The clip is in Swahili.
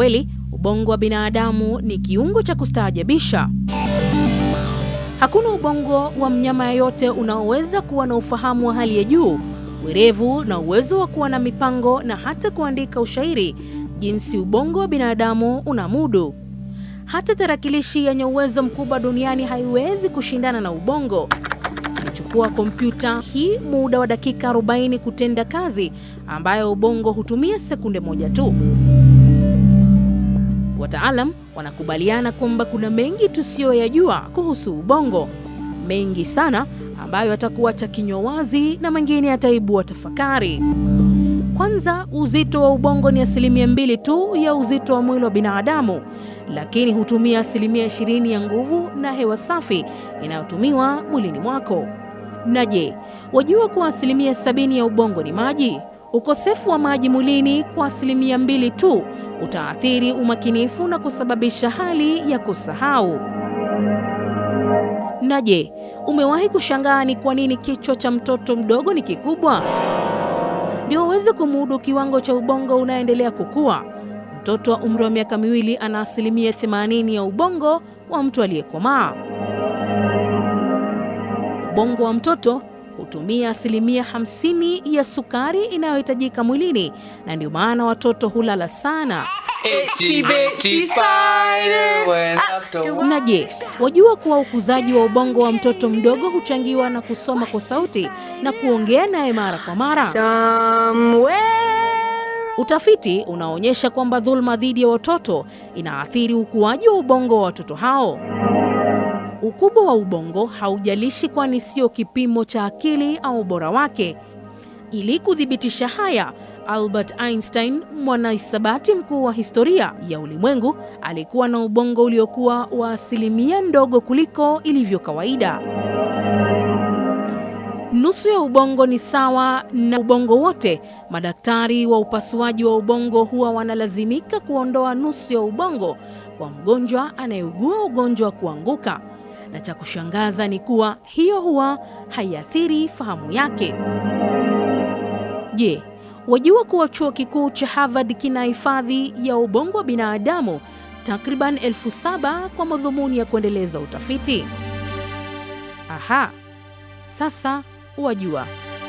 kweli ubongo wa binadamu ni kiungo cha kustaajabisha. Hakuna ubongo wa mnyama yeyote unaoweza kuwa na ufahamu wa hali ya juu, werevu na uwezo wa kuwa na mipango na hata kuandika ushairi jinsi ubongo wa binadamu unamudu. Hata tarakilishi yenye uwezo mkubwa duniani haiwezi kushindana na ubongo. Inachukua kompyuta hii muda wa dakika 40 kutenda kazi ambayo ubongo hutumia sekunde moja tu. Wataalam wanakubaliana kwamba kuna mengi tusiyoyajua kuhusu ubongo, mengi sana ambayo atakuacha kinywa wazi na mengine yataibua tafakari. Kwanza, uzito wa ubongo ni asilimia mbili tu ya uzito wa mwili wa binadamu, lakini hutumia asilimia ishirini ya nguvu na hewa safi inayotumiwa mwilini mwako. Na je, wajua kuwa asilimia sabini ya ubongo ni maji? Ukosefu wa maji mwilini kwa asilimia mbili tu utaathiri umakinifu na kusababisha hali ya kusahau. Na je, umewahi kushangaa ni kwa nini kichwa cha mtoto mdogo ni kikubwa? Ndio uweze kumudu kiwango cha ubongo unaendelea kukua, mtoto wa umri wa miaka miwili ana asilimia 80 ya ubongo wa mtu aliyekomaa. Ubongo wa mtoto hutumia asilimia 50 ya sukari inayohitajika mwilini, na ndio maana watoto hulala sana. Na je, wajua kuwa ukuzaji wa ubongo wa mtoto mdogo huchangiwa na kusoma kwa sauti na kuongea naye mara kwa mara? Utafiti unaonyesha kwamba dhulma dhidi ya watoto inaathiri ukuaji wa ubongo wa watoto hao. Ukubwa wa ubongo haujalishi, kwani sio kipimo cha akili au ubora wake. Ili kuthibitisha haya, Albert Einstein, mwanahisabati mkuu wa historia ya ulimwengu, alikuwa na ubongo uliokuwa wa asilimia ndogo kuliko ilivyo kawaida. Nusu ya ubongo ni sawa na ubongo wote. Madaktari wa upasuaji wa ubongo huwa wanalazimika kuondoa nusu ya ubongo kwa mgonjwa anayeugua ugonjwa wa kuanguka na cha kushangaza ni kuwa hiyo huwa haiathiri fahamu yake. Je, wajua kuwa chuo kikuu cha Harvard kina hifadhi ya ubongo wa binadamu takriban elfu saba kwa madhumuni ya kuendeleza utafiti? Aha, sasa wajua.